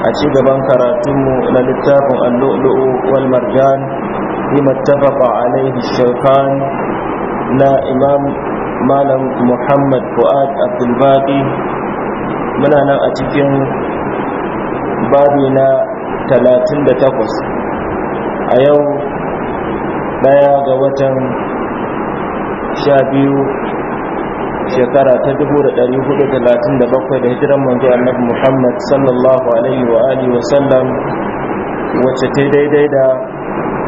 a ci gaban karatunmu na littafin allo'lo'o wal marjan bima tafaqa alaihi shaykhan na imam malam muhammad fuad abdulbaqi muna nan a cikin babi na 38 a yau daya ga watan sha biyu. shekara ta 437 da hijiran manzo annabi Muhammad sallallahu alaihi wa alihi wa sallam wacce ta daidai da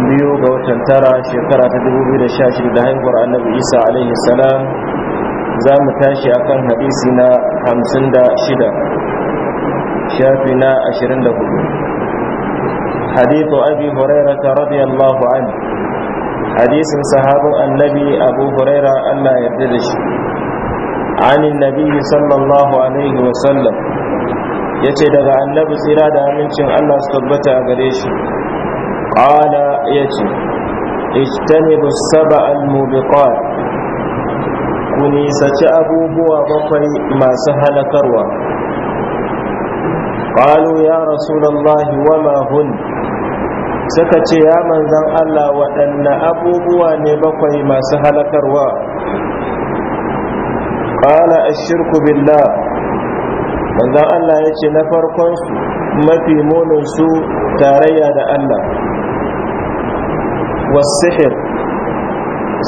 biyu ga watan tara shekara ta 2016 da haihuwar annabi Isa alaihi salam za mu tashi akan hadisi na 56 shafi na 24 حديث أبي هريرة رضي الله عنه hadisin sahabin annabi abu huraira allah ya yarda da shi anin nabi sallallahu alaihi wasallam ya ce daga annabi tsira da amincin allah su tabbata a gare shi ƙala ya ce ijtanibu saba al-mubiqat ku nisaci abubuwa bakwai masu halakarwa ƙalu ya rasulallahi wama hun suka ce ya manzan allah waɗanne abubuwa ne bakwai masu halakarwa a shirku billah manzon Allah ya ce na farkon su mafi munin su tarayya da Allah sihir.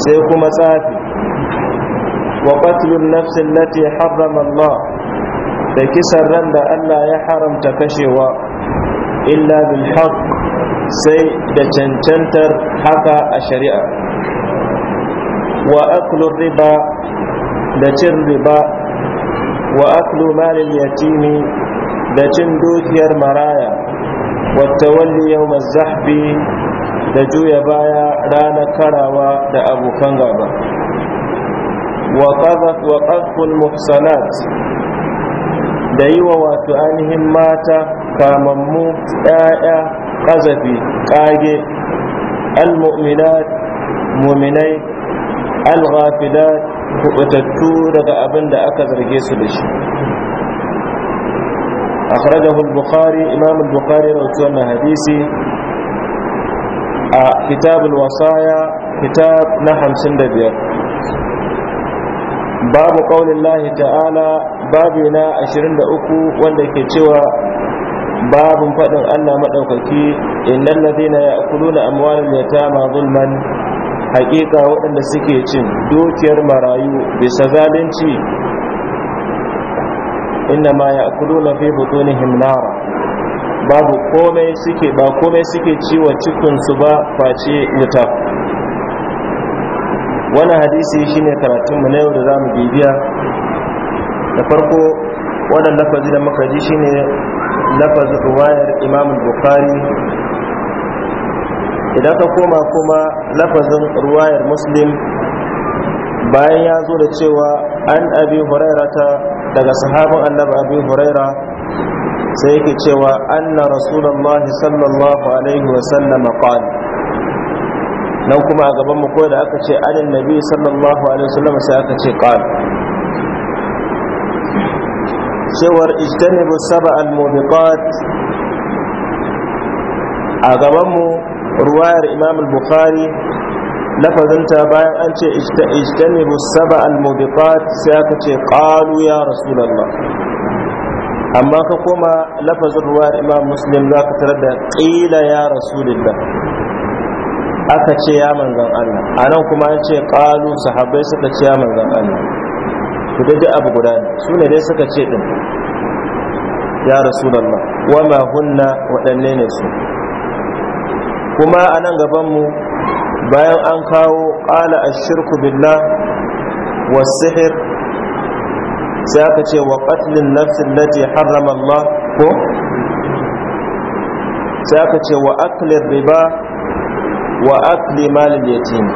sai kuma tsafi wa qatlun nafs allati Allah da kisan ran da Allah ya haramta kashewa illa bil sai da cancantar haka a shari'a wa aklun riba da cin riba wa aklu malin yatimi da cin dukiyar maraya wa tawalli yawmaz zahfi da juya baya ranar karawa da abokan gaba wa qadful muhsanat da yi wa wato ainihin mata kamammu 'ya'ya ƙazafi ƙage al-mu'minat muminai al-ghafilat kubutattu daga abin da aka zarge su da shi A al-bukhari imam al-bukhari rawaito wannan hadisi a kitab al-wasaya kitab na biyar. babu ƙaunin lahi ta'ala babu na uku, wanda ke cewa babin faɗin Allah madaukaki innal na ya'kuluna amwalal ma zulman haƙiƙa waɗanda suke cin dukiyar marayu bisa zalunci inna ma ya kudu na fi butunihim himnara babu komai suke ba komai suke ciwa cikinsu ba face wuta wani hadisi shine mu na yau da za mu bibiya da farko wannan lafazi da muka ji shine lafazin ruwayar imamun bukhari idan ka koma kuma lafazin ruwayar muslim bayan ya zo da cewa an abi hurairata daga sahabin annabi abi huraira sai yake cewa anna rasulullahi sallallahu alaihi wa sallama qala nan kuma a gaban mu da aka ce anin nabi sallallahu alaihi wa sallam sai aka ce qala cewar ijtanibu sab'a al-mubiqat a gaban mu ruwayar imam al-bukhari lafazinta bayan an ce ijtanibu saba al-mubiqat sai aka ce qalu ya rasulullah amma ka koma lafazin ruwayar imam muslim za ka tarar da qila ya rasulullah aka ce ya manzan Allah anan kuma an ce qalu sahabbai suka ce ya manzan Allah to dai abu guda ne su ne dai suka ce din ya rasulullah ma hunna waɗanne ne su kuma a nan gabanmu bayan an kawo ƙala a shirku billah sihir, sai aka ce wa ƙatlin nafsin lati harrama Allah ko sai aka ce wa aklin riba wa akli malin yatim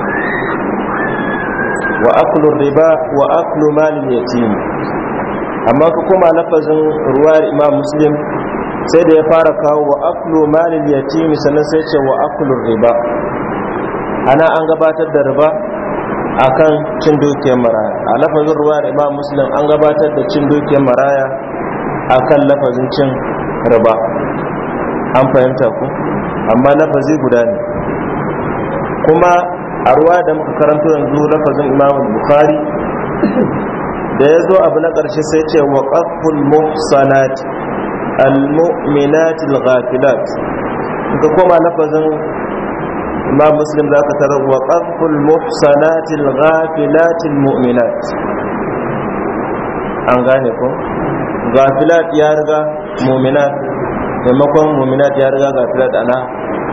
wa aklin riba wa aklu malin yatim amma kuma lafazin ruwa imam muslim sai da ya fara kawo wa aklu malin yatimi sannan sai ce wa aklu riba ana an gabatar da riba akan cin dukiyar maraya a lafazin ruwa da imam muslim an gabatar da cin dukiyar maraya akan lafazin cin riba an fahimta ku amma lafazi guda ne kuma a ruwa da muka karanto yanzu lafazin imam bukhari da ya zo abu na ƙarshe sai ce wa ƙaful muhsanati al-mu'minat al-ghafilat ka koma lafazin imam muslim zaka tara wa qadful muhsanat al-ghafilat an gane ko ghafilat ya riga mu'minat taimakon mu'minat ya riga ghafilat ana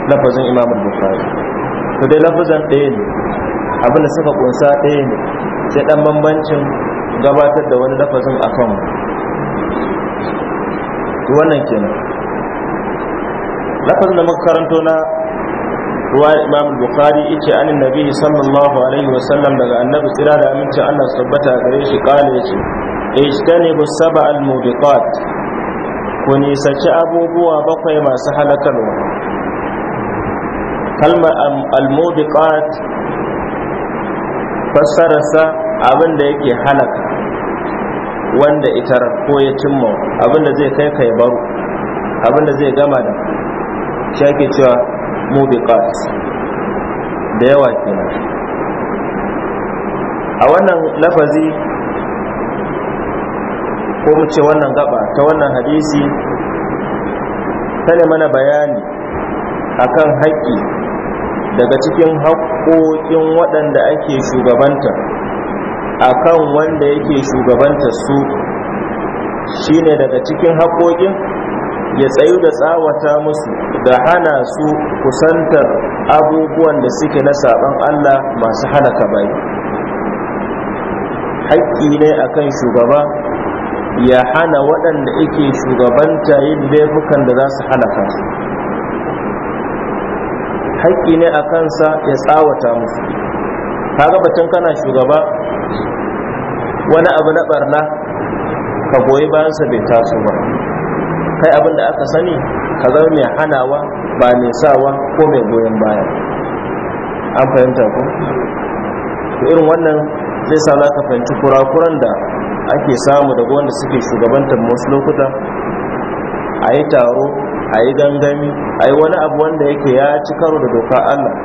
lafazin imam al-bukhari to dai lafazin ɗaya ne abin da suka kunsa ɗaya ne sai dan bambancin gabatar da wani lafazin akan mu to wannan kenan lafaz da muka karanto na ruwa imam bukhari yace anin nabi sallallahu alaihi wa sallam daga annabi tsira da aminci Allah tabbata gare shi kale yace ijtanibu sab'a al-mubiqat ku nisaci abubuwa bakwai masu halakarwa kalmar al-mubiqat fassararsa abin da yake halaka wanda ita ko ya cimma abinda zai kai kai baro abinda zai gama da shi mu cewa mubiqat da yawa kenan a wannan lafazi ko mu ce wannan gaba ta wannan hadisi tana mana bayani akan haƙƙi daga cikin haƙƙoƙin waɗanda ake shugabanta akan wanda yake shugabanta su shine daga cikin haƙoƙin ya tsayu da tsawata musu da hana su kusantar abubuwan da suke na sabon Allah masu halaka bai haƙƙi ne akan shugaba ya hana waɗanda yake shugabanta yin laifukan da za su halaka su haƙƙi ne a kansa ya tsawata musu kaga batun kana shugaba wani abu na barna ka goyi bayansa bai taso ba kai abin da aka sani ka zama mai hanawa ba mai sawa ko mai goyon baya an fahimta ko to irin wannan zai sa za ka fahimci kurakuran da ake samu daga wanda suke shugabantar wasu lokuta a yi taro a yi gangami a yi wani abu wanda yake ya ci karo da doka allah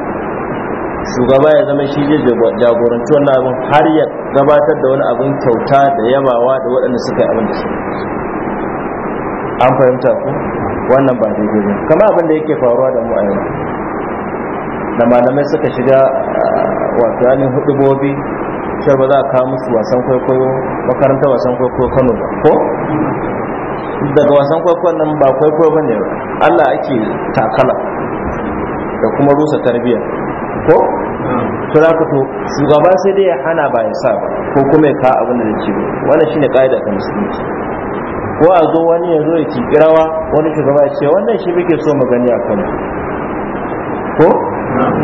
shugaba ya zama shi zai jagoranci wannan abin har ya gabatar da wani abin kyauta da yabawa da waɗanda suka yi abin da su an fahimta ku wannan ba daidai ne kamar abin da yake faruwa da mu a yau da malamai suka shiga ah, wato yanin hudubobi shar ba za a kawo musu wasan kwaikwayo makaranta wasan kwaikwayo kano ba ko daga wasan kwaikwayon nan ba kwaikwayo ba ne Allah ake takala da kuma rusa tarbiyya ko to za ka to shugaba sai dai ya hana ba ya sa ko kuma ya kawo abin da da ci wannan shine ka'ida ta musulunci ko a zo wani ya zo ya ci kirawa wani shugaba ya ce wannan shi muke so mu gani a kano ko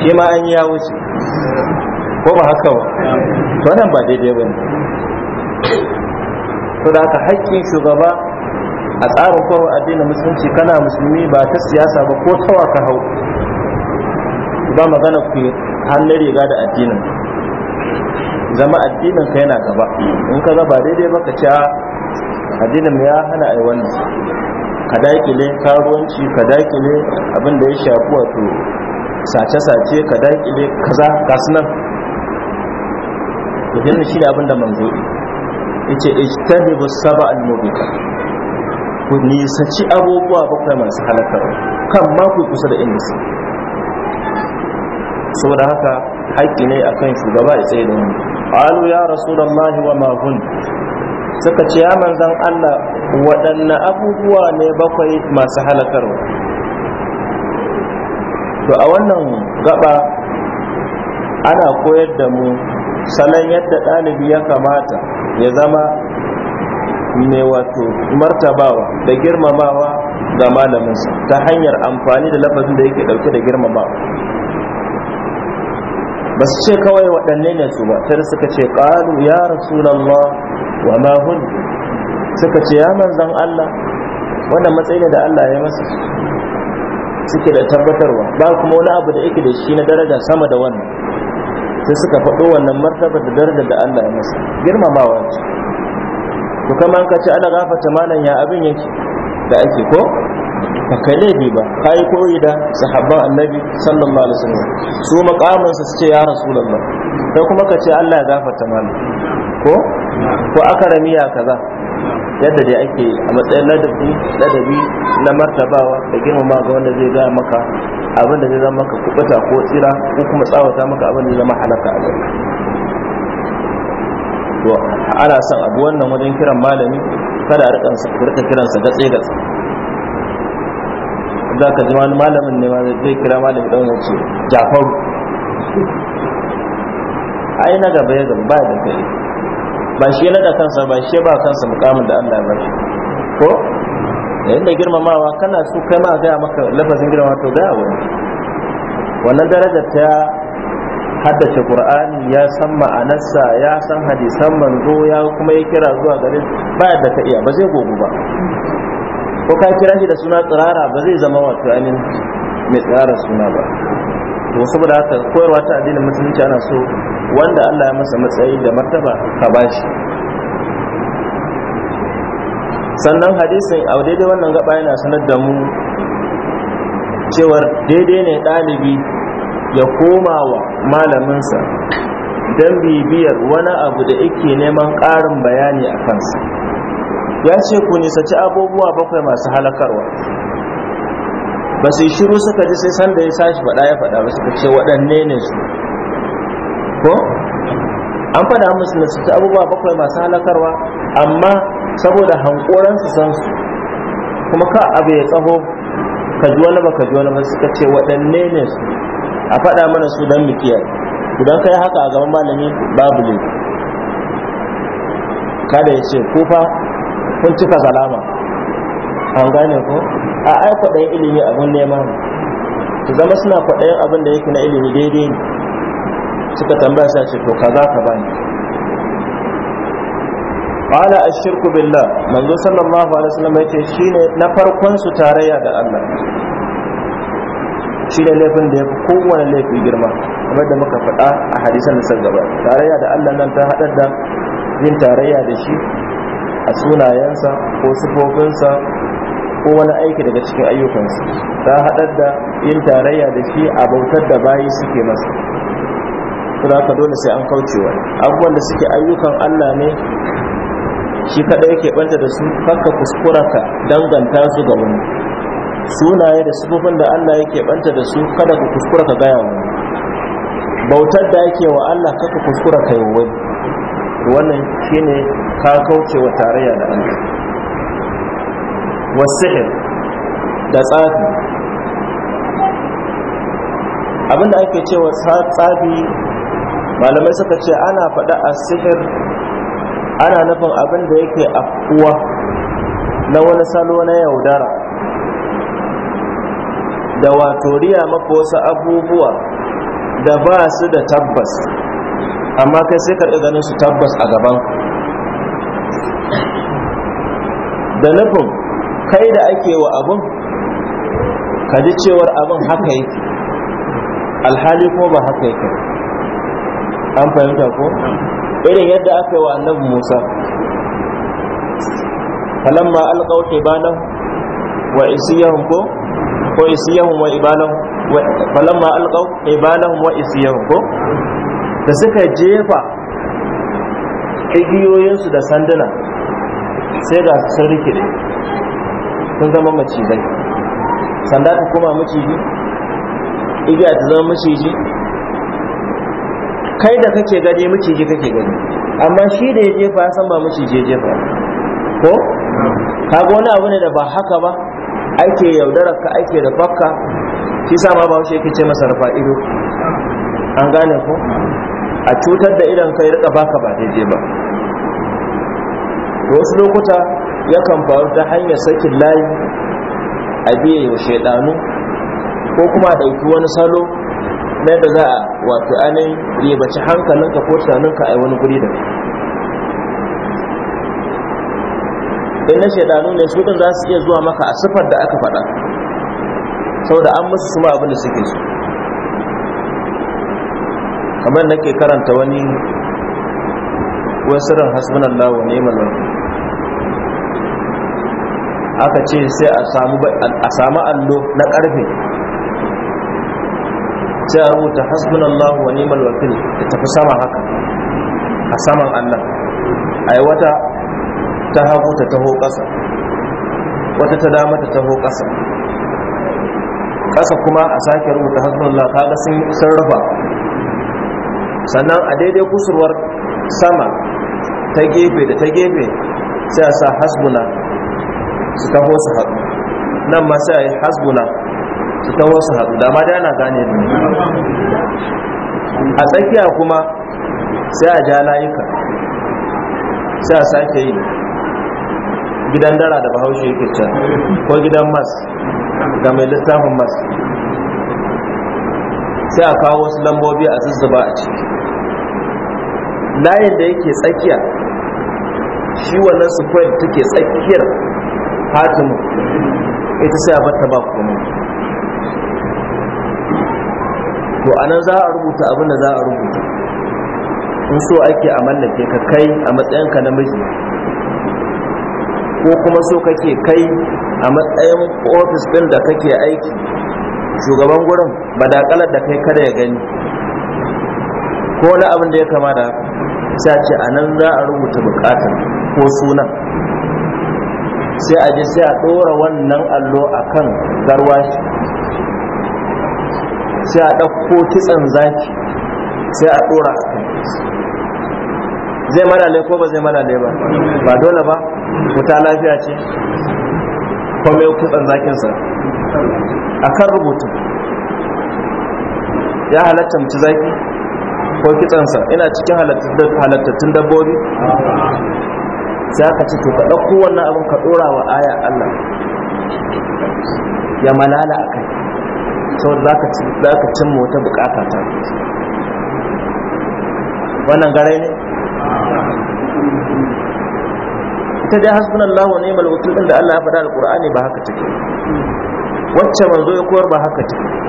shi ma an ya wuce ko ba haka ba to nan ba daidai ba ne to da aka haƙƙin shugaba a tsarin koro addinin musulunci kana musulmi ba ta siyasa ba ko tawa ka hau ba magana ku na riga da addinin zama addinin ka yana gaba in ka ba daidai ba ka ci addinin ya hana ai wannan ka dakile karuwanci ka dakile abin da ya shafi wato sace-sace ka dakile kaza gasu nan to dinna shi da abin da manzo yace ijtahibu saba al-mubika ku nisaci abubuwa bakwai masu halakarwa kan ma ku kusa da inda su saboda haka haƙƙi ne a akan shugaba ya tsaye da mu alu ya mahi wa mahun suka ce ya manzan Allah waɗanne abubuwa ne bakwai masu halakarwa to a wannan gaba ana koyar da mu salon yadda ɗalibi ya kamata ya zama mai wato martabawa da girmamawa ga malaminsa ta hanyar amfani da lafazin da yake ɗauke da girmamawa ba su ce kawai waɗanne ne su ba tare suka ce ƙalu ya rasulallah wa ma hun suka ce ya manzan Allah wannan matsayi ne da Allah ya masa suke da tabbatarwa ba kuma wani abu da yake da shi na daraja sama da wannan sai suka faɗo wannan martaba da daraja da Allah ya masa girmamawa ce to kamar ka ce ana gafata malam ya abin yake da ake ko baka laifi ba ka yi koyi da sahabban annabi sallallahu alaihi wasallam su makamin su ce ya rasulullah sai kuma ka ce Allah ya gafarta mana ko ko akarami ya kaza yadda dai ake a matsayin ladabi ladabi na martabawa da girmama ga wanda zai gaya maka abin da zai zama maka kubuta ko tsira ko kuma tsawata maka abin da zama halaka a gari to ana son abu wannan wajen kiran malami kada a rika kiransa gatse gatse za ka zama malamin ne ma zai kira malamin ɗan ya ce jafaru ai na gaba ya gaba ba da kai ba shi yana da kansa ba shi ba kansa mukamin da Allah ba shi ko yayin da girmamawa kana so kai ma ga maka lafazin girmama to ga wani wannan darajar ta haddace qur'ani ya san ma'anarsa ya san hadisan manzo ya kuma ya kira zuwa gare ba da ka iya ba zai gogu ba ko ka kira shi da suna tsirara ba zai zama wato ainihin mai tsirara suna ba to saboda haka koyarwa ta addinin musulunci ana so wanda Allah ya masa matsayi da martaba ka bashi sannan hadisin a daidai wannan gaba yana sanar da mu cewar daidai ne ɗalibi ya koma wa malaminsa don bibiyar wani abu da yake neman ƙarin bayani a kansa ya ce ku nisaci abubuwa bakwai masu halakarwa ba su yi shiru suka ji sai sanda ya sashi faɗa ya faɗa ba suka ce waɗanne ne su ko an faɗa musu ci abubuwa bakwai masu halakarwa amma saboda hankoransu san su kuma ka abu ya tsaho ka ji wani ba ka ji wani ba suka ce waɗanne ne su a faɗa mana su don mikiyar idan ka yi haka a gaban malami babu ne kada ya ce kufa fa kun cika salama an gane ko a ai kwaɗayin ilimi abin nema ne su zama suna kwaɗayin abin da yake na ilimi daidai ne suka tambaya sa ce to kaza ka bani qala ashirku billah manzo sallallahu alaihi wasallam yace shine na farkon su tarayya da Allah shine laifin da yafi kowane laifi girma kamar da muka faɗa a hadisan da suka gaba tarayya da Allah nan ta haɗa da yin tarayya da shi a sunayensa ko sufofinsa ko wani aiki daga cikin ayyukansu, ta haɗar da yin tarayya da shi a bautar da bayi suke masa kuna ka dole sai an kaucewa abubuwan da suke ayyukan allah ne shi kaɗai yake ɓanta da su kakka kuskura ka danganta su ga wani sunaye da sufofin da allah yake ɓanta da su kada ka kuskura ka gaya wani bautar da yake wa allah kaka kuskura ka yi wani to wannan shine ka kauce wa tarayya da Allah wasihir da tsafi abinda ake cewa tsafi malamai suka ce ana faɗa a sihir ana nufin abin da yake afkuwa na wani salo na yaudara da wato riya mako wasu abubuwa da ba su da tabbas amma kai sai karɓi ganin su tabbas a gaban da nufin kai da ake wa abin ka ji cewar abin haka yake alhali ko ba haka yake an fahimta ko irin yadda aka yi wa annabi musa falamma ba qibala wa isiyahum ko ko isiyahum wa ibalahum falamma alqaw ibanan wa isiyahum ko da suka jefa igiyoyinsu da sanduna sai ga sun rikide sun zama macizai sanda ta kuma maciji igiya ta zama maciji kai da kake gani maciji kake gani amma shi da ya jefa ya san ba maciji ya jefa ko kaga wani abu ne da ba haka ba ake yaudarar ka ake da fakka shi sa ma ba wasu yake ce masa rufa ido an gane ko a cutar da idan kai rika baka ba daidai ba wasu lokuta yakan faru ta hanyar sakin layi a biye wa shaidanu ko kuma a ɗauki wani salo na yadda za a wato anin ribaci hankalinka ko tunaninka a wani guri da in na shaidanu ne su ɗin za su iya zuwa maka a siffar da aka faɗa saboda an musu suma abin da suke so kamar ke karanta wani wasirin hasbunallah wa ne wakil aka ce sai a samu allo na karfe sai a rubuta hasbunallah wa ni'mal wakil da tafi sama haka a saman allon a yi wata ta hagu ta taho ƙasa wata ta dama ta taho ƙasa ƙasa kuma a sake rubuta hasbunallah ga sun rufa sannan a daidai kusurwar sama ta gefe da ta gefe sai a sa hasbuna su taho su haɗu nan ma sai a yi hasbuna su taho su haɗu da ma da ana gane a tsakiya kuma sai a ja layuka sai a sake yi gidan dara da bahaushe yake can ko gidan mas ga mai littafin mas sai a kawo wasu lambobi a zuzzuba a ciki layin da yake tsakiya shi wannan square take tsakiyar fatima ita sai a bata ba kuma to anan za a rubuta abin da za a rubuta in so ake a mallake ka kai a matsayinka na miji ko kuma so kake kai a matsayin ofis din da kake aiki shugaban gurin ba da kalar da kai kada ya gani ko wani abin da ya kama da haka sai ce a nan za a rubuta bukatar ko sunan sai a je sai a ɗora wannan allo a kan garwashi sai a ɗauko kitsan zaki sai a ɗora a kan zai malale ko ba zai malale ba ba dole ba wuta lafiya ce kome kitsan zakinsa a kan rubutu ya halatta mutu zaki ko kitsansa ina cikin halattattun dabbobi za ka ci to ka ɗauko wannan abin ka ɗora wa aya Allah ya malala a kai saboda za ka cin wata bukata ta wannan garai ne ita dai hasbun Allah wa ni'mal wakil da Allah ya faɗa alqur'ani ba haka take wacce manzo ya koyar ba haka take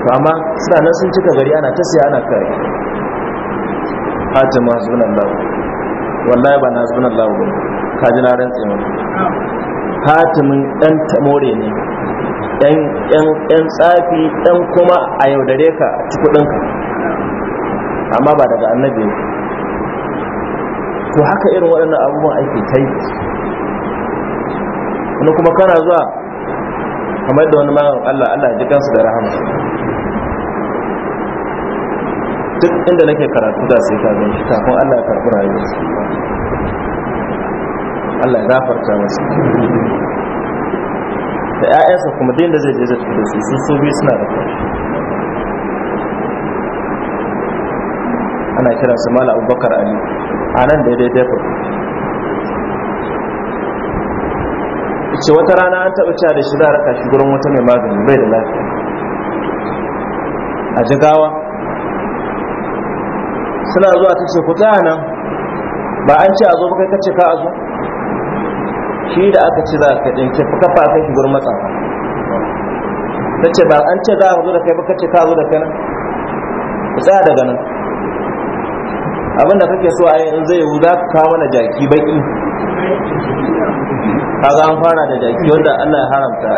to amma suna nan sun cika gari ana ta siya ana kare hajji ma nan lawo wallahi ba na nan lawo ba ka ji na rantse mana hatimin ɗan tamore ne ɗan tsafi ɗan kuma a yaudare ka cikin kuɗinka amma ba daga annabi ne to haka irin waɗannan abubuwan ake ta yi wani kuma kana zuwa kamar da wani magan Allah Allah ji kansu da rahama duk inda nake karatu da sai ka gani, kafin Allah ya karɓi rayuwarsa Allah ya gafarta masa da ƴaƴansa kuma da zai je zai tafi da su su so biyu suna da kai ana kiran su mala abubakar ali a nan daidai dafa ce wata rana an taɓa cewa da shi za a raka shi gurin wata mai magani bai da lafiya a jigawa suna zuwa ta ce ku tsaya nan ba an ce a zo kai kace ka a zo shi da aka ci za ka ɗin ke kafa kai ki gurma matsa ta ce ba an ce za a zo da kai ba ce ka zo da kai nan ku tsaya daga nan abinda kake so a yi in zai yiwu za ka kawo mana jaki baki kaga an fara da jaki wanda Allah ya haramta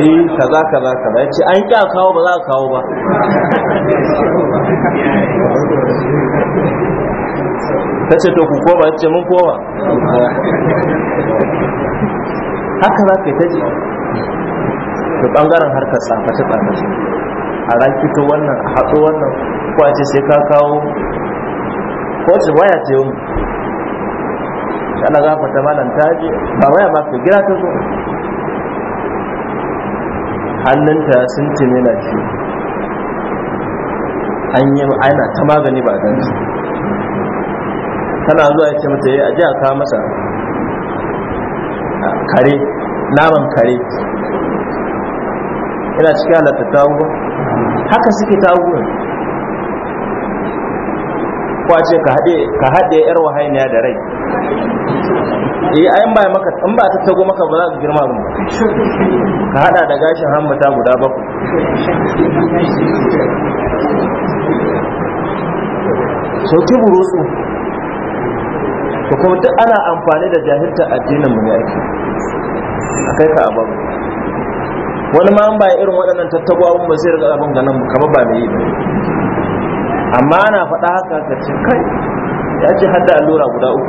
eh kaza kaza kaza yace an kya kawo ba za ka kawo ba tace to ku kowa yace mun kowa. haka za ka yi ta ji to bangaren harkar ta tsafaci a to wannan a hatsu wannan kwace sai ka kawo Ko kowace waya ce yau ana ta malam ta je ba waya ba ka gida ta zo hannunta sun cime na ci an yi ana ta magani ba a tana zuwa ya ce mata ya eh, aji a kawo masa kare naman kare ina cikin halatta ta haka suke ta kwace ka haɗe yar wahainiya da rai eh ayan ba maka in ba ta tago maka ba za ka girma ba ka hada da gashin hammata guda bakwai sauki burusu to kuma duk ana amfani da jahilta addinin mu ne ake akai ka abu wani ma an ba irin waɗannan tattabuwa ba sai riga abin ganin kamar ba mai yi ba amma ana faɗa haka ka ce kai ya ce hadda allura guda uku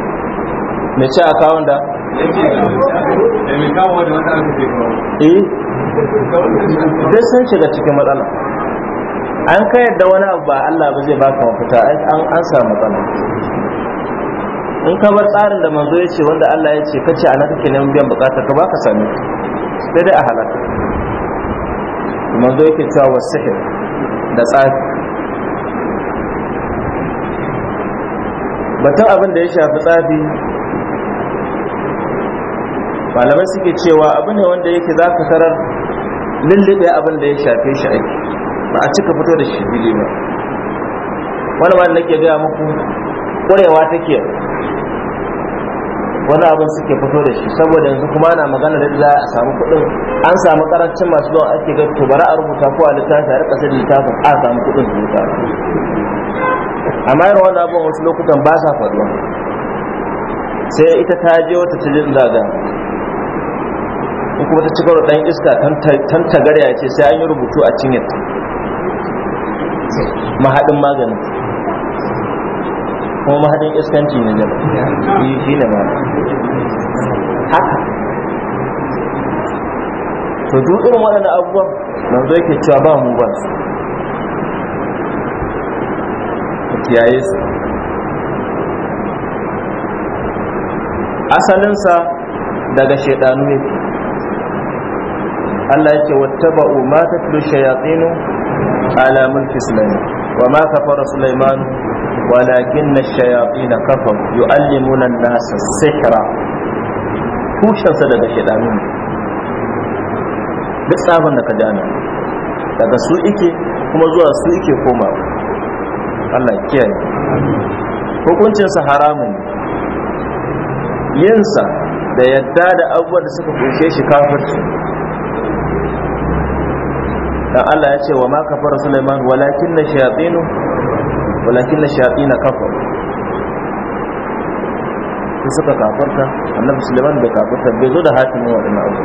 mai ce a kawon da eh duk sun shiga cikin matsala an ka yadda wani abu ba Allah ba zai baka mafita an samu matsala in ka bar tsarin da manzo ya ce wanda Allah ya ce ce ana kake neman biyan bukatar ka baka sami sai dai a halaka manzo yake cewa wasihir da tsafi batun abin da ya shafi tsafi malamai suke cewa abu ne wanda yake za ka tarar lullube abin da ya shafe shi aiki ba a cika fito da shi fili ba wani ma nake gaya muku ta take wani abin suke fito da shi saboda yanzu kuma ana magana da za a samu kuɗin an samu karancin masu zuwa ake ga to a rubuta ko a littafi a rika sai littafin a samu kuɗin su wuta amma irin wani abin wasu lokutan ba sa faruwa sai ita ta je wata cikin zaga in kuma ta ci karo dan iska tan tagarya ce sai an yi rubutu a cinyar mahaɗin maganin kuma mahaɗin iskanci ne da yi shi ne ba. haka to duk irin waɗannan abubuwan zai ke cewa ba mu ba su kiyaye su asalinsa daga shaidanu ne Allah yake wattaba'u ma tatlu shayatinu ala mulki sulaiman wa ma kafara sulaiman walakin ash-shayatin kafaru yu'allimuna an-nasa sihra tushensa daga shaydanu da sabon da ka dana daga su ike kuma zuwa su ike koma Allah kiyaye hukuncinsa haramun yinsa da yadda da abubuwan da suka kunshe shi kafirci dan Allah ya ce wa ma kafara Sulaiman walakin na shayatin walakin na shayatin kafar su suka kafarta annabi Sulaiman bai kafarta bai zo da hatimin waɗannan abu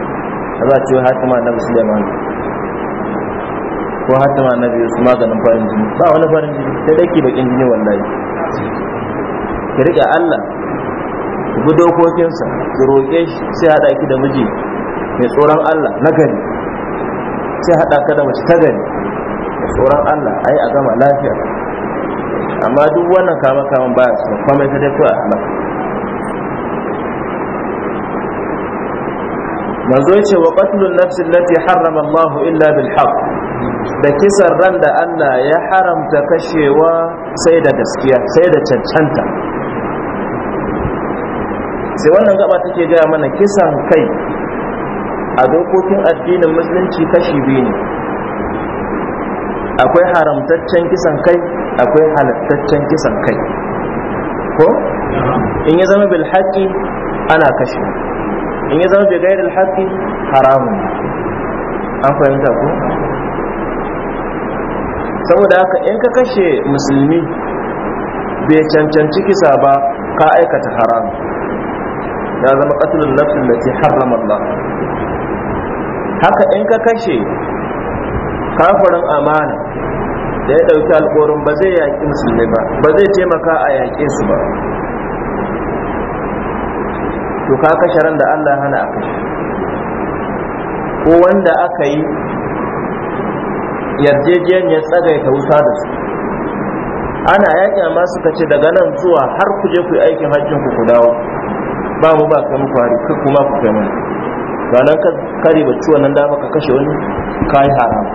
za a ce hatima annabi Sulaiman ko hatima annabi su maganin farin jini ba wani farin jini sai dake ki bakin jini wallahi ki riƙe Allah ku bi dokokinsa ki roƙe shi sai haɗa ki da miji mai tsoron Allah na gari sai haɗa ka da mace ta gani. da tsoron Allah a yi a gama lafiya amma duk wannan kama kaman ba su kwamai ta dafi a halaka manzo ya ce wa qatlun nafsi allati harrama Allah illa bil haqq da kisan ran da Allah ya haramta kashewa sai da gaskiya sai da cancanta sai wannan gaba take gaya mana kisan kai a dokokin addinin musulunci kashi biyu ne akwai haramtaccen kisan kai akwai halattaccen kisan kai ko in ya zama bil haƙi ana kashe in ya zama bil gairil haƙi haramun an fahimta ko saboda haka in ka kashe musulmi bai cancanci kisa ba ka aikata haram ya zama qatlul nafsin lati harrama Allah haka in ka kashe kafirin amana da ya ɗauki alkorin ba zai yaƙi ne ba ba zai taimaka a yaƙe su ba to ka kashe ran da Allah hana a kashe ko wanda aka yi yarjejeniyar tsagaita wuta da su ana yaƙi amma suka ce daga nan zuwa har ku je ku yi aikin hajjin ku ku dawo ba mu ba kai kuma ku kai mana ranar kare ba ciwon nan dama ka kashe wani kayi haram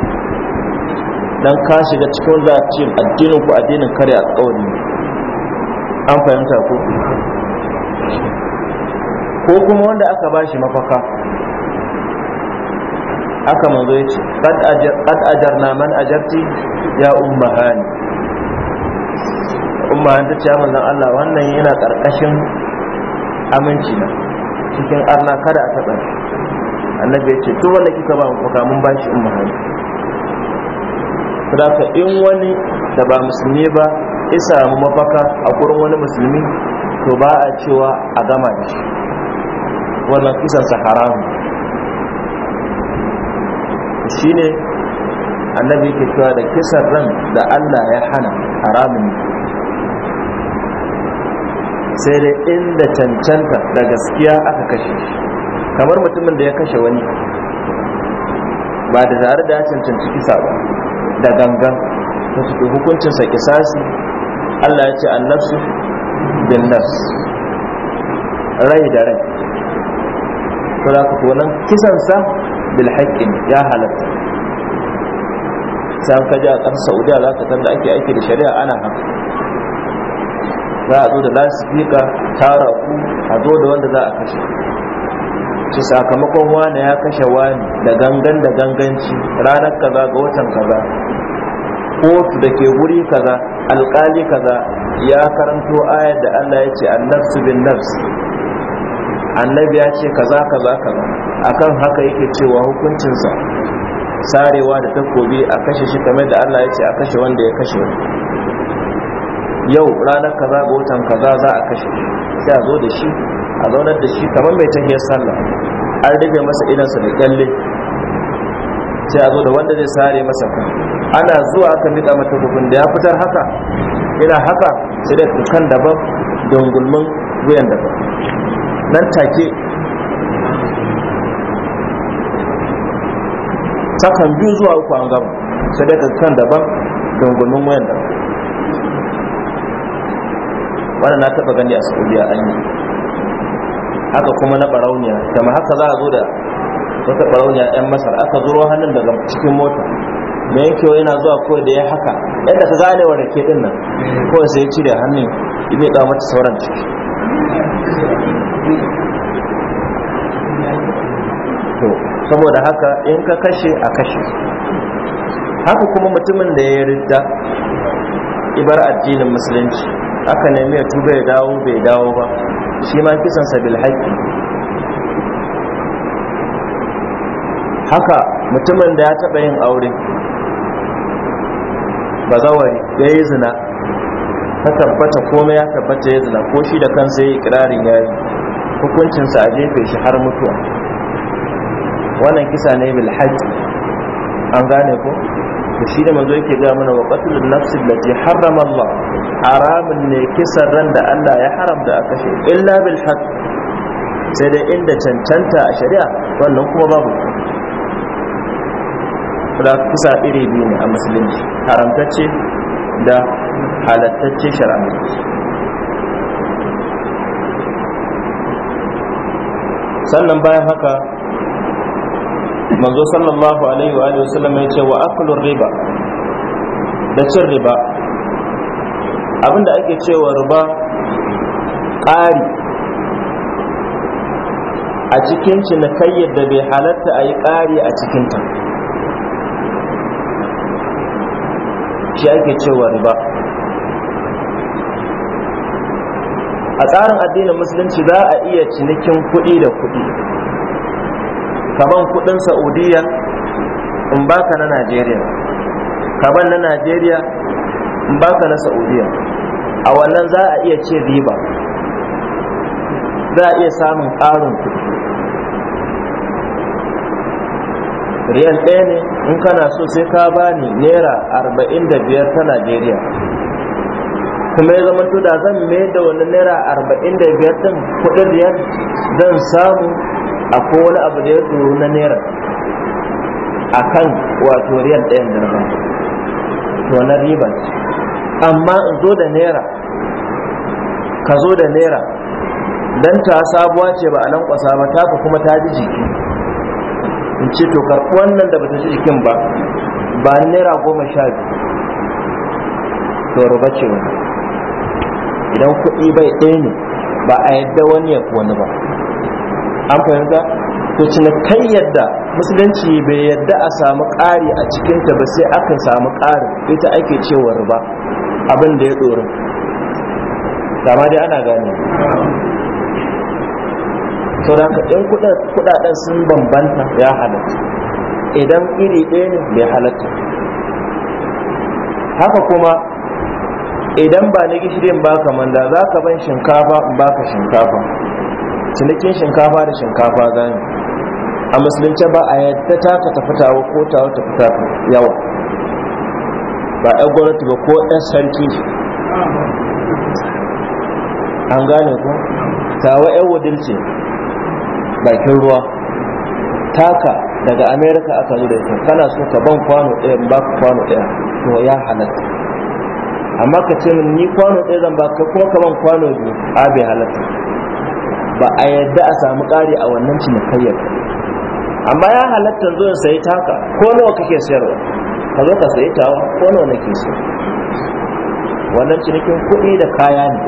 Don ka shiga cikin za a ce addinin ku addinin kare a tsawoni an fahimta ko ko kuma wanda aka bashi mafaka aka manzo ya ce qad na man ajarti ya Umma ummahan ta ce manzon Allah wannan yana karkashin aminci na cikin arna kada a taɓa shi annabi ya ce to wanda kika ba mun bashi in mahani saboda in wani da ba musulmi ba ya samu mafaka a gurin wani musulmi to ba a cewa a gama da shi wannan kisan sa haramu shine annabi ke cewa da kisan ran da Allah ya hana haramun sai dai inda cancanta da gaskiya aka kashe shi kamar mutumin da ya kashe wani ba da tare da ya cancanci kisa ba da gangan ta cikin hukuncinsa kisasi allah ya ce annafsu bin nafs rai da rai kula ka tonan kisansa bil haƙƙin ya halatta sai ka ja a saudiya za ka da ake aiki da shari'a ana haka za a zo da lasifika tara ku a zo da wanda za a kashe ce sakamakon wane ya kashe wani da gangan da ganganci ranar kaza ga watan kaza kotu da ke guri kaza alkali kaza ya karanto ayar da Allah ya ce annafsu bin nafs annabi ya ce kaza kaza kaza akan haka yake cewa hukuncinsa sarewa da takobi a kashe shi kamar da Allah ya ce a kashe wanda ya kashe yau ranar kaza ga watan kaza za a kashe sai a zo da shi a zaunar da shi kamar mai tahiyar sallah an rufe masa idansa da kyalle sai a zo da wanda zai sare masa ka ana zuwa aka nika mata hukun da ya fitar haka ina haka sai da kan daban dungulmin wuyan daban nan take takan biyu zuwa uku an gaba sai da kan daban dungulmin wuyan daban wannan na taɓa gani a saudiya an yi haka kuma na barauniya kama haka za a zo da wata barauniya yan masar aka zuro hannun daga cikin mota mai yankewa yana zuwa ko da ya haka yadda ta gane wa rake din nan ko sai ya cire hannun ibe ka mata sauran ciki to saboda haka in ka kashe a kashe haka kuma mutumin da ya ridda ibar addinin musulunci aka nemi ya tuba ya dawo bai dawo ba shi ma kisansa bil haƙƙi haka mutumin da ya taɓa yin aure zawari ya yi zina ta tabbata komai ya tabbata ya zina ko shi da kansa ya yi kirarin ya yi hukuncinsa a jefe shi har mutuwa wannan kisa ne bil haƙƙi an gane ko to shi da manzo yake ga mana wa qatlun nafsi allati harrama Allah haramun ne kisan ran da Allah ya haramta a kashe illa bil haqq sai da inda cancanta a shari'a wannan kuma babu da kusa iri biyu ne a musulunci haramtacce da halattacce shari'a sannan bayan haka manzo sallallahu alaihi wa alihi wasallam ya ce wa aklu riba da cin riba abinda ake cewa riba ƙari a cikin cinikayyar da bai halatta a yi ƙari a cikinta shi ake cewa riba a tsarin addinin musulunci za a iya cinikin kuɗi da kuɗi kaban kudin saudiya in baka na najeriya kaban na najeriya in baka na saudiya a wannan za a iya ce riba za a iya samun ƙarin kudi riyal ɗaya ne in kana so sai ka bani naira arba'in da biyar ta najeriya kuma ya zama da zan mai da wani naira arba'in da biyar ɗin kuɗin riyal zan samu akwai wani abu da ya tsoro na naira a kan wato riyal ɗayan dirham to na riba amma in zo da naira ka zo da naira don ta sabuwa ce ba a nan kwasa ba taka kuma ta ji jiki in ce to karɓi wannan da bata ji jikin ba ba naira goma sha biyu to ruba ce wani idan kuɗi bai ɗaya ne ba a yadda wani ya fi wani ba an fahimta to cinikai yadda musulunci bai yadda a samu ƙari a cikinta ba sai aka samu ƙari ita ake cewar ba abin da ya ɗorin dama dai ana gane sau da ka ɗin kudaden sun bambanta ya halatta idan iri ɗaya ne bai halatta haka kuma idan ba na gishirin ba kamar da za ka ban shinkafa ba baka shinkafa cinikin shinkafa da shinkafa zani a musulunci ba a yadda taka ta tawo ko tawo ta fita yawa ba a gwamnati ba ko yan sarki an gane ku tawo yan wadilci bakin ruwa taka daga america aka zo da ita kana so ka ban kwano ɗaya ba ka kwano ɗaya to ya halatta amma ka ce min ni kwano ɗaya zan ba ka kuma ka ban kwano biyu a bai halatta ba a yadda a samu ƙari a wannan cinikayyar amma ya halatta zo ya sayi taka ko nawa kake sayarwa ka zo ka sayi tawa ko nawa nake sayar wannan cinikin kuɗi da kaya ne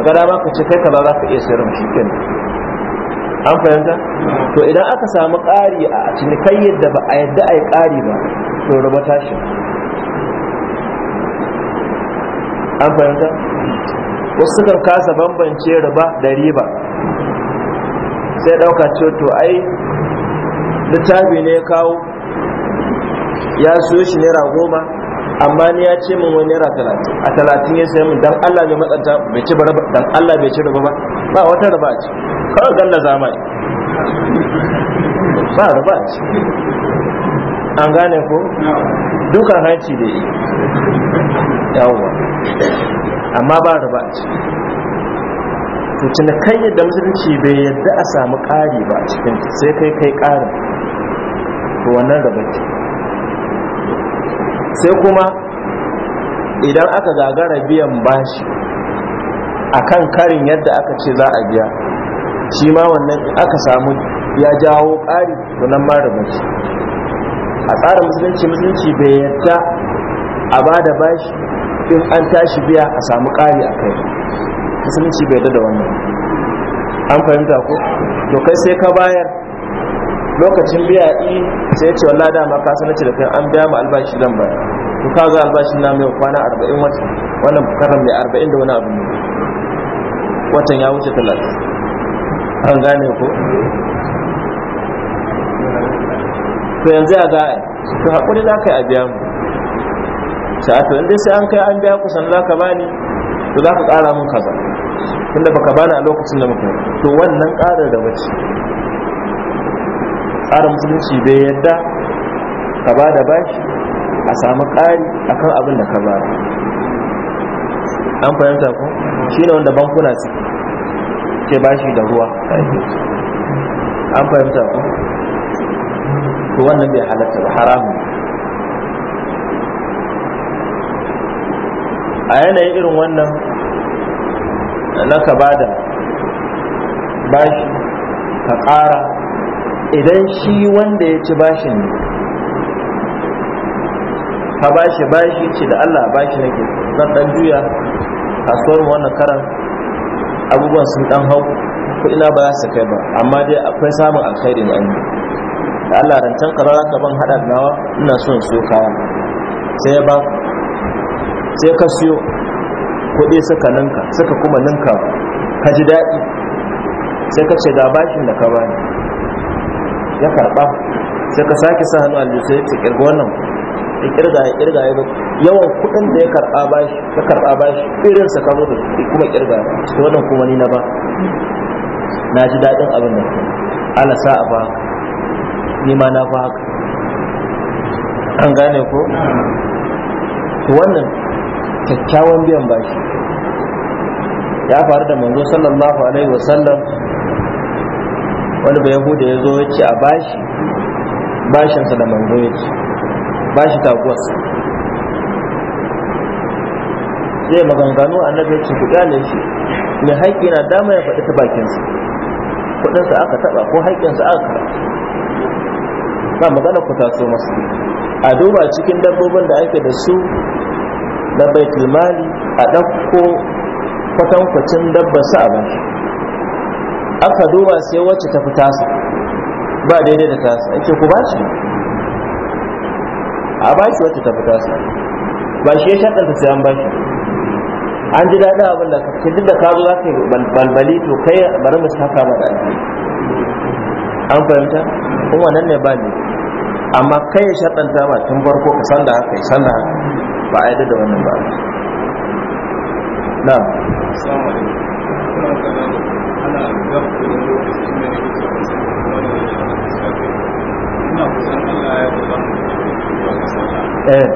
magana ba ka ce kai ka ba za ka iya sayar mu kenan an fahimta to idan aka samu ƙari a cinikayyar da ba a yadda a yi ƙari ba to rubuta shi an fahimta wasu sukan kasa bambance riba da riba sai ɗauka ce to ai littafi ne kawo ya so shi naira goma amma ni ya ce min wani naira talatin a talatin ya sai min dan Allah bai matsanta bai ci riba dan Allah bai ci riba ba ba wata riba ce kawai galla zamani ba riba ce an gane ko dukan hanci da yi yawwa amma ba riba a ciki to kan yadda musulunci bai yadda a samu ƙari ba a cikin sai kai kai ƙarin to wannan riba ce sai kuma idan aka gagara biyan bashi a kan karin yadda aka ce za a biya shi ma wannan aka samu ya jawo ƙari wannan nan ma riba ce a tsarin musulunci musulunci bai yadda a ba da bashi in an tashi biya a samu ƙari a kai musulunci bai da wannan an fahimta ko to kai sai ka bayar lokacin biya in sai ce wallah dama ka sanace da kai an biya mu albashi zan bayar to ka ga albashin na mai kwana 40 wata wannan karan mai 40 da wani abu ne watan ya wuce 30 an gane ko to yanzu ya a ga to hakuri za ka yi a biya mu sai to inda sai an kai an biya kusan za ka bani to za ka kara mun kaza tunda baka bani a lokacin da muka to wannan karar da bace tsarin musulunci bai yadda ka ba da bashi a samu ƙari akan abin da ka ba an fahimta ko shi ne wanda bankuna su ke bashi da ruwa an fahimta ko to wannan bai halatta ba haramun a yanayin irin wannan na ka bada bashi ka ƙara idan shi wanda ya ci bashin ne ka bashi bashi ce da Allah bashi nake zan ɗan juya a kasuwar wannan karan abubuwan sun ɗan hau kuɗina ba za su kai ba amma dai akwai samun alkhairi na da Allah rancen kaza ban haɗa nawa ina son su so kaya sai ya ba sai ka siyo kuɗi suka ninka suka kuma ninka ka ji daɗi sai ka ce ga bashin da ka bani ya karɓa sai ka sake sa hannu aljihu sai ta kirga wannan ya kirga ya kirga ya yawan kuɗin da ya karɓa bashi ya karɓa bashi irin sa ka da kuma kirga sai wannan kuma ni na ba na ji daɗin abin da ana sa a ba ni ma na ba haka an gane ko to wannan kyakkyawan biyan bashi ya faru da manzo sallallahu alaihi wasallam wani bai hude ya zo ya ce a bashi bashinsa da manzo ya ce bashi taguwarsa Sai maganganu annabi ya ce ku gane shi mai haƙƙi na dama ya faɗi ta bakinsa kuɗinsa aka taɓa ko haƙƙinsa aka ba magana ku taso masa a duba cikin dabbobin da ake da su na baitul mali a ɗauko kwatankwacin dabba su a bashi aka duba sai wacce ta fi tasa ba daidai da tasa ake ku ba shi a ba shi wacce ta fi tasa ba shi ya shaɗanta sai an ba shi an ji daɗin abin da ka duk da ka zo za ka yi balbali to kai bari mu saka ma da an fahimta kuma nan ne ba ne amma kai ya shaɗanta ma tun farko ka san da haka ya san da haka ba a yi da wannan ba na Eh. eh.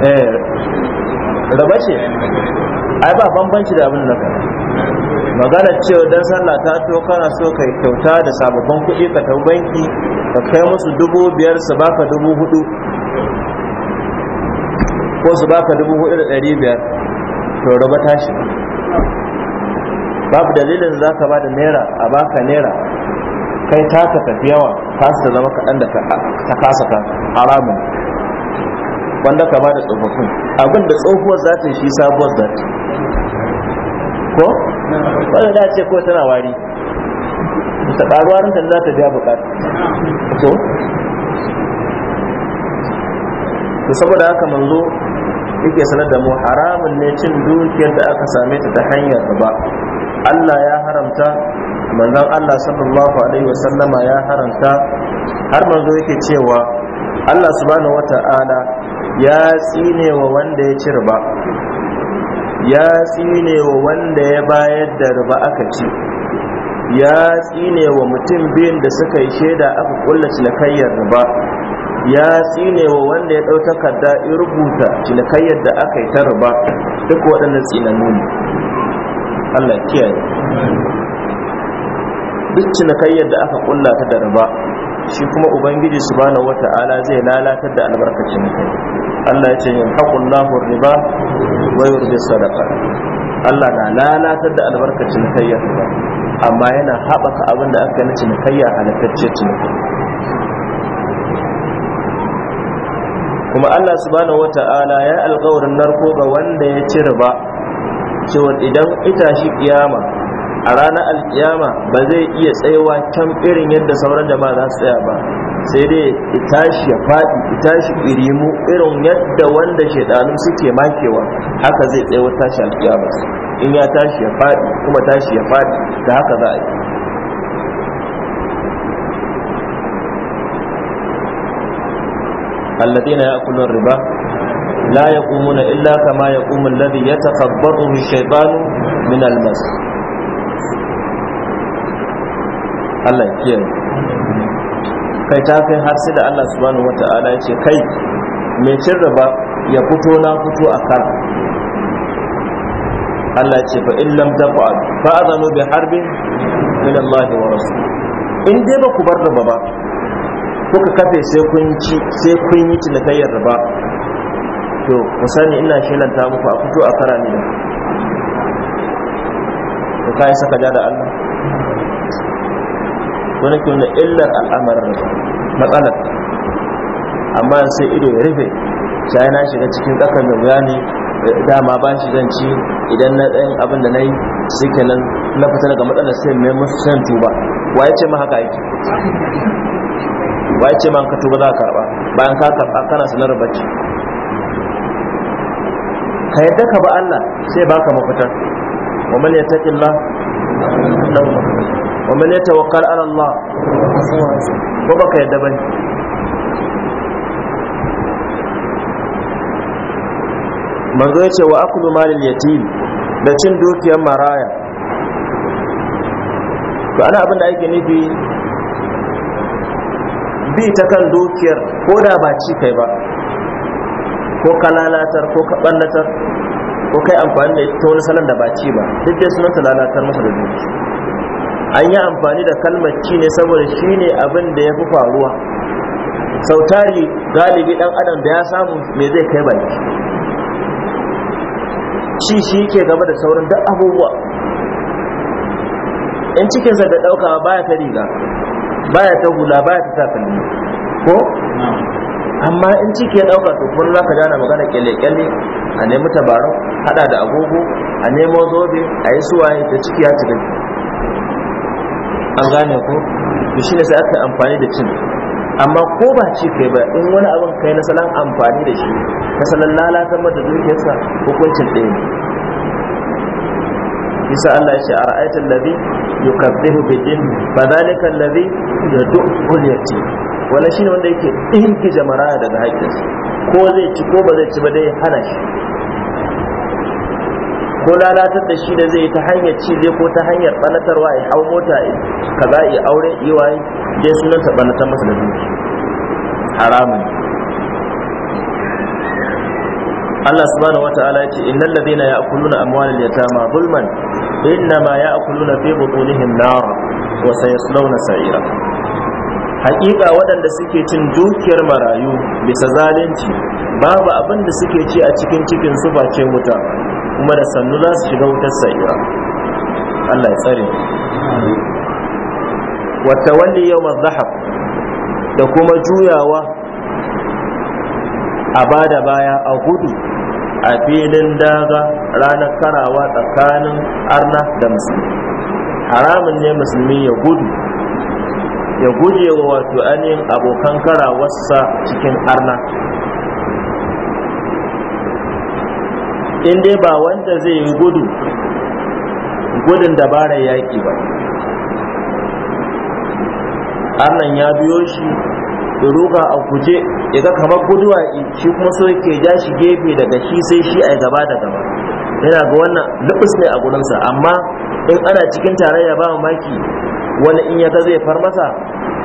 Eh, raba ce ai ba bambanci da abin da magana cewa dan sallah ta to kana so kai kyauta da sababbin kuɗi ka tau banki ka kai musu dubu biyar su baka dubu hudu ko su baka dubu hudu da ɗari biyar to raba tashi babu dalilin za ka ba da naira a baka naira kai taka tafi yawa ta zama kaɗan da ta kasa ta haramun wanda kama da tsofaffin abin da tsohuwar za ta shi sabuwar za ta ko wanda da ce ko tana wari ta karuwa nan za ta biya bukata ko to saboda haka manzo yake sanar da mu haramun ne cin dukiyar da aka same ta ta hanyar ba Allah ya haramta manzon Allah sallallahu alaihi wasallama ya haramta har manzo yake cewa Allah subhanahu ta'ala ya tsine wa wanda ya ci riba ya tsine wa wanda ya bayar da riba aka ci ya tsine wa mutum biyun da suka yi shaida aka kulla cinikayyar riba ya tsine wa wanda ya ɗau takarda ya rubuta cinikayyar da aka yi ta riba duk waɗannan tsinanu ne Allah kiyaye duk cinikayyar da aka kulla ta da riba shi kuma ubangiji subhanahu wata'ala zai lalatar da albarkacin kai Allah ya ce yamhaqullahu riba wa yurbi sadaka. Allah na lalatar da albarkacin kayya amma yana haɓaka abin da aka yi na cinikayya halittacce cinikayya kuma Allah subhanahu wata'ala ya alƙawarin narko ga wanda ya ci riba cewa idan ita shi kiyama a ranar alkiyama ba zai iya tsayawa can irin yadda sauran jama'a za su tsaya ba sai dai itashi ya faɗi itashi irimu irin yadda wanda shaidanu suke makewa haka zai tsayawa tashi alkiyama in ya tashi ya faɗi kuma tashi ya faɗi da haka za a yi الذين يأكلون الربا لا يقومون إلا كما يقوم الذي يتخبطه الشيطان من المسجد Allah ya kiyaye kai ta kai har sai da Allah subhanahu wata'ala ya ce kai mai cin riba ya fito na fito a kar Allah ya ce fa in lam tafa'al fa azanu bi harbin min Allah wa rasul in dai ba ku bar riba ba kuka kafe sai kun ci sai kun yi cinikayyar riba to ku sani ina shelanta muku a fito a kara ne da ku kai saka ja da Allah wani ke wani illar al'amarin matsalar amma sai ido ya rufe sai na shiga cikin tsakar da ne dama ba shi zan ci idan na ɗayan abin da na yi sai kenan na fita daga matsalar sai mai musu san tuba wa ya ce ma haka yake wa ya ce ma ka tuba za ka karɓa bayan ka karɓa kana sanar bacci ka yadda ka ba Allah sai baka mafitar, wa man yattaqillah lahu wa man yatawakkal ala Allah ko baka yadda bane manzo yace wa aklu malil yatim da cin dukiyar maraya to ana abin da ake nufi bi ta kan dukiyar ko da ba ci kai ba ko ka lalatar ko ka ballatar ko kai amfani da ita wani salon da ba ci ba duk dai sunan ta lalatar masa da dukiya an yi amfani da kalmar ci ne saboda shi ne abin da ya fi faruwa sautari galibi dan adam da ya samu me zai kai baki shi shi ke gaba da sauran duk abubuwa in cikinsa da ɗaukawa baya ta riga baya ta hula baya ta takalmi ko amma in ciki ya ɗauka to kun za ka jana magana kyale-kyale a nemi tabarau hada da agogo a nemo zobe a yi suwaye da ciki ya cika an gane ko to shi ne sai aka amfani da cin amma ko ba ci kai ba in wani abin kai na salon amfani da shi na salon lalata mata dukiyarsa hukuncin ɗaya ne isa Allah ya ce a ra'aitar labi yukazzihu bidin fa zalika allazi duk al-yatim wala shine wanda yake ɗinki maraya daga haƙƙinsa ko zai ci ko ba zai ci ba dai hana shi ko lalatar da shi da zai ta hanyar zai ko ta hanyar banatarwa ya hau mota ka za a aure yi waye dai sunan ta banatar masa da duki haramun Allah subhanahu wata'ala ya ce innal ladhina ya'kuluna amwalal yatama zulman ma ya'kuluna fi butunihim nar wa sayaslawna sa'ira hakika waɗanda suke cin dukiyar marayu bisa zalunci babu abin da suke ci a cikin cikin su ce wuta kuma da sannu za su shiga wutar sayuwa Allah ya tsare wa tawalli yawm adh da kuma juyawa a bada baya a gudu a filin daga ranar karawa tsakanin arna da musulmi haramun ne musulmi ya gudu ya guje wa wato ainihin abokan karawarsa cikin arna in dai ba wanda zai yi gudu gudun dabarar yaƙi ba annan ya biyo shi ruka a kuje ya ga kamar guduwa shi kuma so yake ja shi gefe daga shi sai shi a gaba da gaba yana ga wannan lubus ne a gurinsa amma in ana cikin tarayya ba maki wani in ya ga zai far masa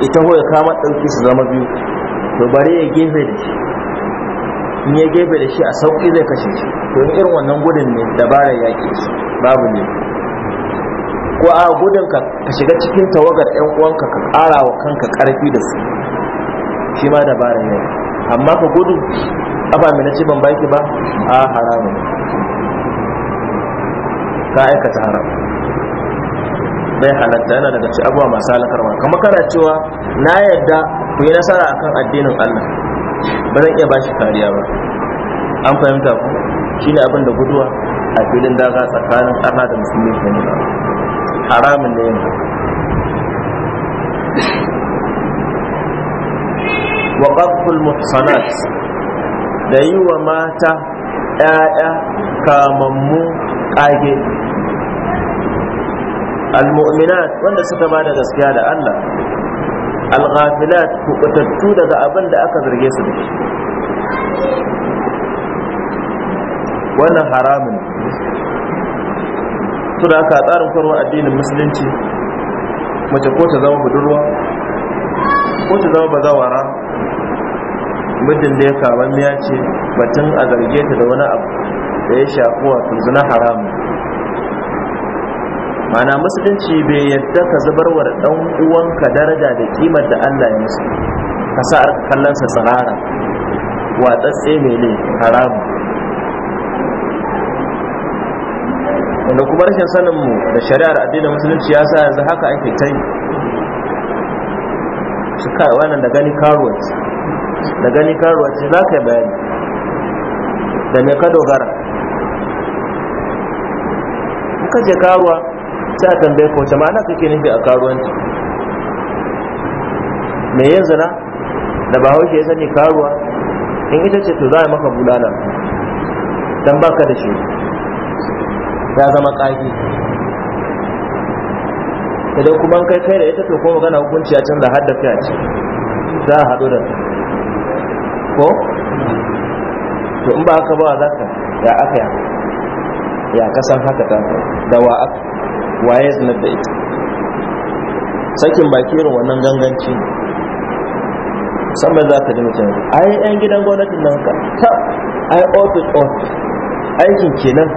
ita ya kama ɗauki su zama biyu to bare ya gefe da shi in ya gefe da shi a sauƙi zai kashe shi to irin wannan gudun ne dabarar yaƙi babu ne ko a gudun ka shiga cikin tawagar yan uwanka ka ƙara wa kanka ƙarfi da su shi ma dabarar yaƙi amma ka gudu aba mai na ce ban baki ba a haramun ka aikata haram bai halatta yana daga ci abuwa masu halakarwa kamar kana cewa na yadda ku yi nasara akan addinin allah ba zan iya bashi kariya ba an fahimta ku shine abin da guduwa a filin daga tsakanin arna da musulmi ke ne haramun ne yanzu wa qafful muhsanat da yi wa mata ƴaƴa kamammu ƙage al-mu'minat wanda suka bada gaskiya da Allah al-ghafilat kuɓutattu daga abin da aka zarge su da shi wannan haramun su da aka tsarin farwa addinin musulunci mace ko ta zama budurwa ko ta zama bazawara muddin da ya miya ce batun a zarge ta da wani abu da ya shafi tun zina haramun mana musulunci bai yadda ka zubarwar wa ɗan uwanka daraja da kimar da allah ya musu ka sa kallonsa tsirara watsatse mai ne haramun wanda kuma rashin sanin mu da shari'ar addinin musulunci ya sa yanzu haka ake ta yi su kai wannan da gani karuwat da gani karuwat ce za ka yi bayani da me ka dogara in ka je karuwa sai tambaye ko wace ma'ana kake nufi a karuwanci me yin zina da ba hauke ya sani karuwa in ita ce to za a maka bulala dan baka da shi ya zama kage idan kuma kai kai da ita to ko magana hukunci a canza hadda kai a ce za a haɗu da ko to in ba haka ba za ka ya aka ya ya kasan haka ta da wa aka waye zinar da ita sakin baki irin wannan ganganci musamman za ka ji mutum ai yan gidan gwamnatin nan ka ta ai office office aikin kenan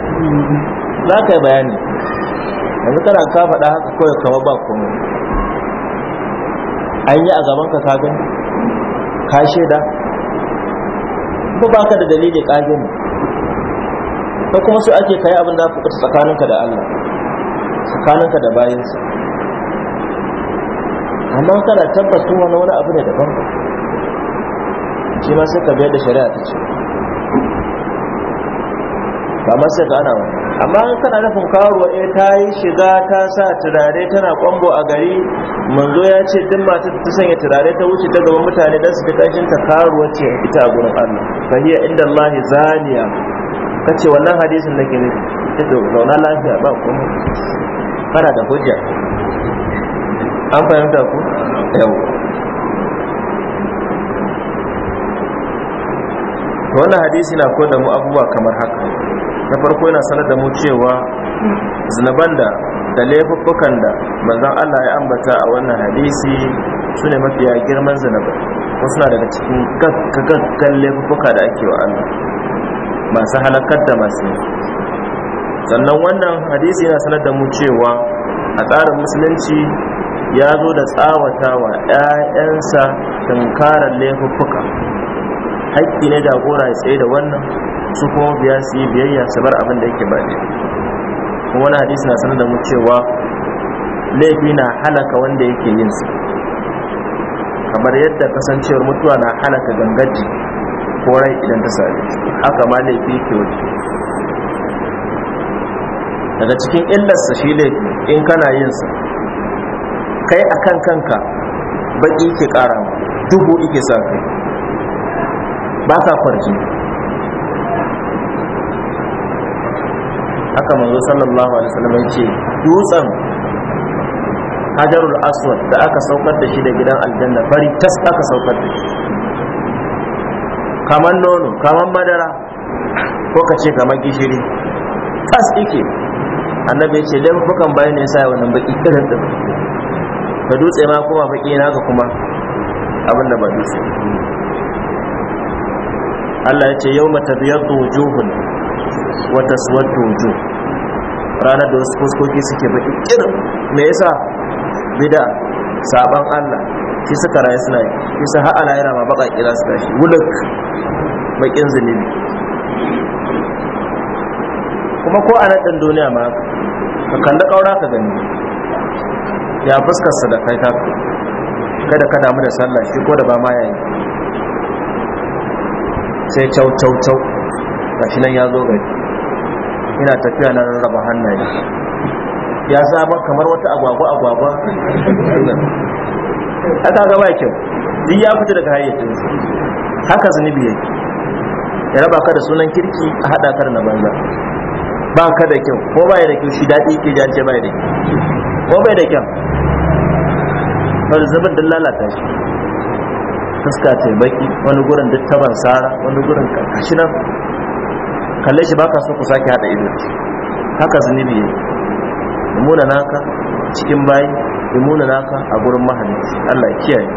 za ka yi bayani yanzu kana ka faɗa haka kawai kama ba kuma an yi a gaban ka kagan ka shaida ko ba ka da dalilin kagen ko kuma so ake kai abin da ka fita tsakaninka da Allah tsakaninka da bayansa amma kana tabbas kuma wani wani abu ne daban shi ma sai ka biyar da shari'a ta ce ba ma sai ka ana wani amma in kana nufin karuwa ɗaya eh, ta yi shiga ta sa turare tana kwambo a gari manzo ya ce duk matar ta sanya turare ta wuce ta gaban mutane don su fi ƙanshin ta karuwa ce ita a gurin Allah fahiya inda Allah zaniya ce wannan hadisin nake nufi ta zauna lafiya ba kuma kana da hujja an fahimta ku yau wannan hadisi na koda mu abubuwa kamar haka na farko yana sanar da mu cewa zinaban da da laifukan da manzon Allah ya ambata a wannan hadisi sune mafiya girman zinaba ko suna daga cikin gaggagan laifukan da ake wa Allah masu halakar da masu yi sannan wannan hadisi yana sanar da mu cewa a tsarin musulunci ya zo da tsawatawa 'ya'yansa tunkarar laifukan haƙƙi ne jagora ya tsaye da wannan su kuma biya su yi biyayya su bar abin da yake ba ne kuma wani hadisi na sanar da mu cewa laifi na halaka wanda yake yin su kamar yadda kasancewar mutuwa na halaka gangaji ko rai idan ta sami haka ma laifi ke wuce daga cikin illarsa shi laifi in kana yin sa kai a kan kanka baki ke kara dubu ike sa ba ka farji haka manzo sallallahu alaihi wasallam ya ce dutsen hajarul aswad da aka saukar da shi da gidan aljanna fari tas aka saukar da shi kaman nono kaman madara ko ka ce kamar gishiri tas ike annabi ya ce laifukan bayan ne sa wannan baki irin din ka dutse ma kuma baki naka kuma abinda ba dutse Allah ya ce yau mata biyar wujuhun wata suwar wujuh ranar da wasu koskoki suke baki kirin me yasa bida saban Allah shi suka rayu suna yi shi su ha'a lahira ma baka kira su tashi wuluk bakin zunubi kuma ko a nan duniya ma ka kalli ƙaura ka gani ya fuska da kai ta kada ka damu da sallah shi ko da ba ma yayi sai cau cau cau gashi nan ya zo gari Ina tafiya na rarraba hannaye ya saba kamar wata agwagwa agwagwa aka ga ba kyau duk ya fita daga hayyacinsa haka zunubi yake ya raba ka da sunan kirki a hada ka na banza ba ka da kyau ko ba ya da kyau shi daɗi ke ji ce ba ya da kyau ko bai da kyau wani zubin don lalata shi fuska ta baki wani gurin duk taban sara wani gurin karkashi nan kalle shi baka so ku sake hada ido haka zunubi ne imuna naka cikin bayi imuna naka a gurin mahalli Allah kiyaye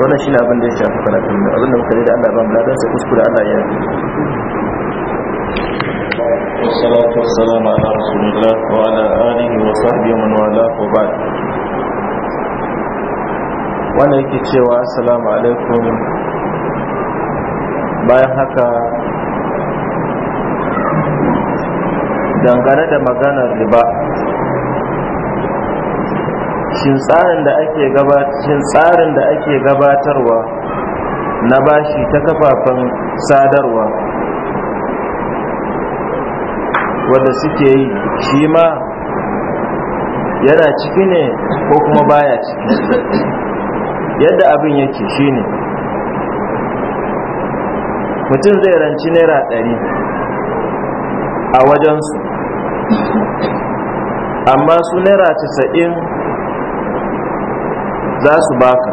wannan shine abin da ya shafi karatun da abin da muka da Allah ba mu ladan sai kuskure Allah ya yi wassalatu wassalamu ala rasulillah wa ala alihi wa sahbihi man wala wa ba'd wannan yake cewa assalamu alaikum bayan haka dangane da maganar riba shin tsarin da ake gabatar gabatarwa na bashi ta kafafen sadarwa wanda suke yi shi ma yana ciki ne ko kuma baya ciki yadda abin yake shine mutum zai ranci naira ɗari a wajensu amma su naira casa'in za su baka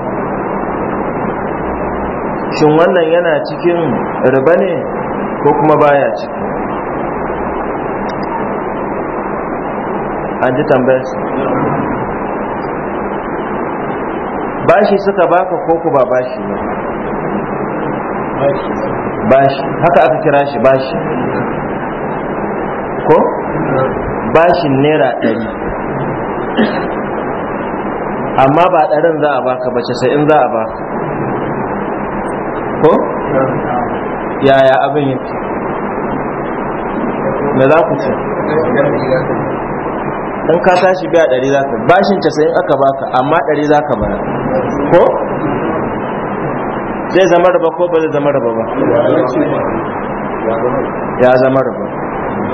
shin wannan yana cikin riba ne ko kuma baya ciki an ji tambayar bashi suka baka ko ku ba bashi ne bashi haka aka kira shi bashi ko bashin naira ɗari amma ba ɗarin za a baka ba sai in za a baka ko yaya abin yake me za ku ce in ka tashi biya ɗari za ka bashin casa'in aka baka amma ɗari za ka bara ko zai zama raba ko ba zai zama raba ba ya zama raba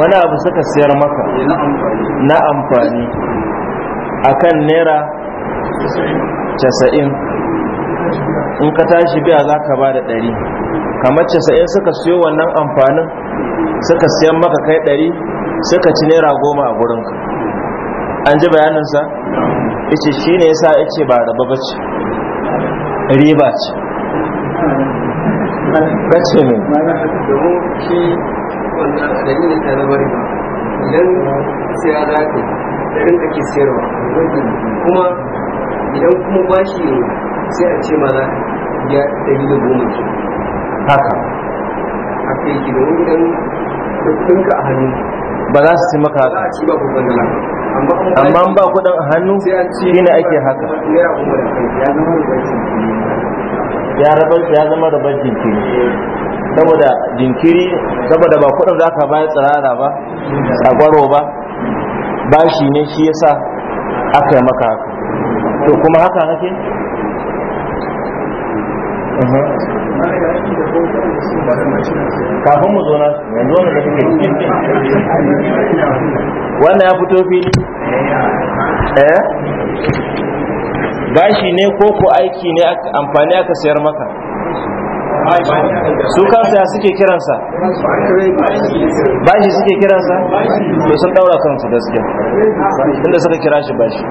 wani abu suka siyar maka na amfani a kan naira casa'in in ka tashi biya za ka ba da ɗari kamar casa'in suka siyo wannan amfanin suka siyan maka kai ɗari suka ci naira goma a gurinka an ji bayaninsa ice shi ne ya sa ice ba raba ba ce riba ce wannan dalilin ta zama riba idan siya za ka irin kake siyarwa kuma idan kuma bashi ne sai a ce mana ya ɗari da goma ke haka haka yake domin idan kuɗinka a hannu ba za su ci maka haka a ci ba kuɗin dala amma ba kuɗin a hannu shi ne ake haka ya zama rabar jinkiri saboda jinkiri saboda ba kudin da aka bayar tsirara ba tsagwaro ba bashi ne shi yasa aka yi maka haka to kuma haka hake kafin mu zo na yanzu wanda kake wannan ya fito fili eh bashi ne ko ko aiki ne amfani aka sayar maka su kansa ya suke kiransa bashi suke kiransa to sun daura kansu gaskiya inda suka kira shi bashi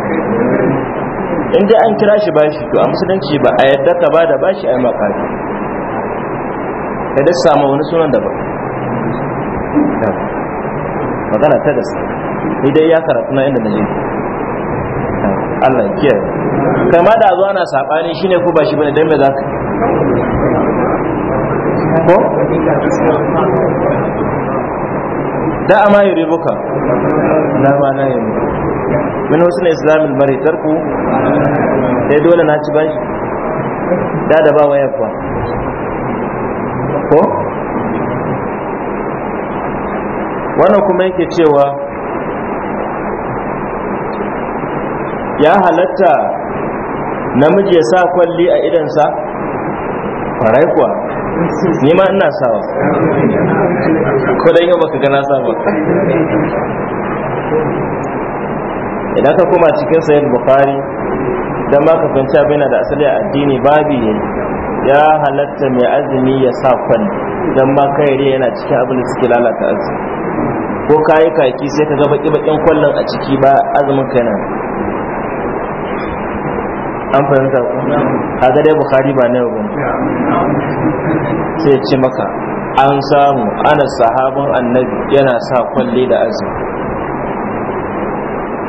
in dai an kira shi bashi to a musulunci ba a yadda ka da bashi a yi makari ka da samu wani sunan da ba magana ta gaske ni dai ya karatu na inda na jini Allah kiyaye kai ma da zuwa na sabani shine ko ba shi bane dan me zaka ko da ama yuri ribuka na ma na yi min wasu na islamin mari tarku sai eh, dole na ci bashi da da ba waya kuwa ko wannan kuma yake cewa ya halatta namiji ya sa kwalli a idansa kwarai kuwa ni ma ina sawa ko dan yau baka gana sawa idan ka koma cikin sayyid Bukhari, don ma ka fahimci abin da asali a addini babi ne ya halatta mai azumi ya sa kwan don ma kai yana cikin abin da suke lalata azumi ko kayi kaki sai ka ga baki bakin kwallon a ciki ba azumin kai an fahimta ku A gare bukari ba na yau sai ce maka an samu ana sahabin annabi yana sa kwalle da azumi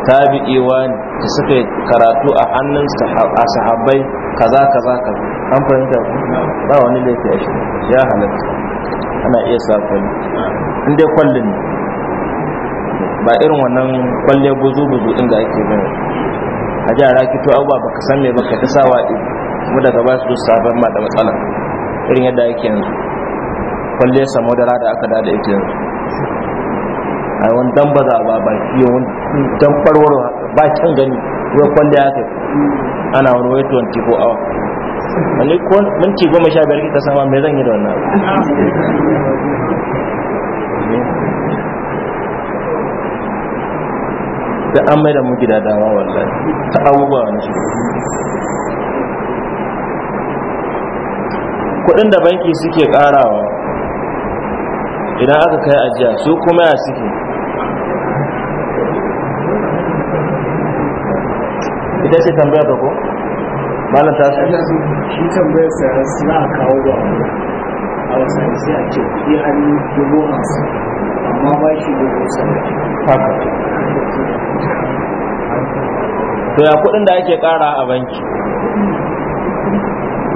tabi'iwa da suka karatu a hannun sahabbai kaza kaza kaza an fahimta ku ba wani laifi a shi ya halatta ana iya sa kwalle in dai kwallin ba irin wannan kwalle buzu buzu inda ake gani a ja rakito abuwa baka san me baka ta sawa ɗi kuma daga ba su sabon ma da matsala irin yadda yake yanzu kwalle samu da rada aka da da ita yanzu a wani dan ba za ba baki wani dan farwar ba can gani yau kwalle kai ana wani wai 24 hour wani ko minti goma sha biyar kika sama me zan yi da wannan da an mai da mu gida dama wallahi ta abubuwa na shi kudin da banki suke karawa idan aka kai ajiya su kuma ya suke ita ce tambayar ta ko malam ta su shi tambayar sa za a kawo ba a wasu sai a ce kudi hannu dubu hamsin amma ba shi dubu hamsin haka to ya kudin da ake kara a banki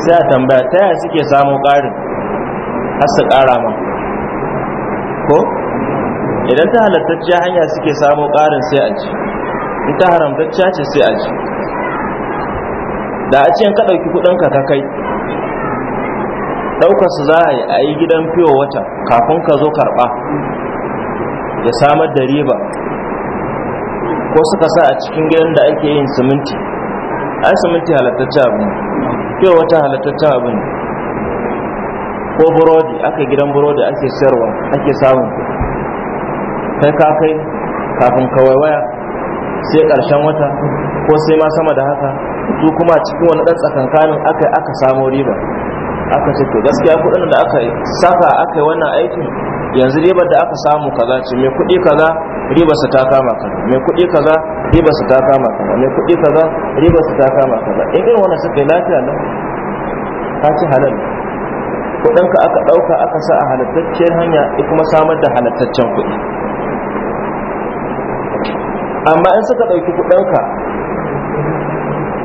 sai a tambaya ta yaya suke samu karin har su kara ma ko idan ta halattacciya hanya suke samu karin sai a ci in ta haramtacciya ce sai a ci da a ce ka ɗauki kudinka ka kai ɗaukar su za a yi a yi gidan fiyo wata kafin ka zo karɓa ya samar da riba ko suka sa a cikin gidan da ake yin siminti ai siminti halattacce abu ne ke wata halattacce abu ne ko burodi aka gidan burodi ake sayarwa ake samu? kai ka kai kafin kawai waya sai ƙarshen wata ko sai ma sama da haka su kuma cikin wani ɗan tsakankanin aka aka samo riba aka ce to gaskiya kudin da aka saka aka yi wannan aikin yanzu ribar da aka samu kaza ce mai kudi kaza ribarsa ta kama kaza mai kudi kaza ribarsa ta kama kaza mai kudi kaza ribarsa ta kama kaza in irin wannan suka yi lafiya nan ka ci halal kudin ka aka dauka aka sa a halattacciyar hanya ya kuma samar da halattaccen kudi amma in suka dauki kudin ka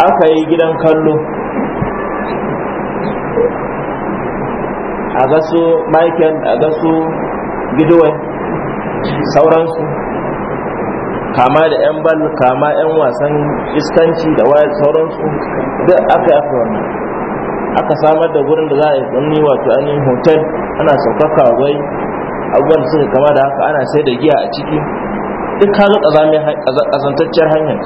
aka yi gidan kallo a ga su michael a ga su gidowai sauransu kama da 'yan bal kama 'yan wasan iskanci da wayar sauransu duk aka yi aka wani? aka samar da gurin da za a yi tsanni wato ainihin hotel ana saukaka wai abubuwan da suka kama da haka ana sai da giya a ciki duk kaga kazantacciyar hanyar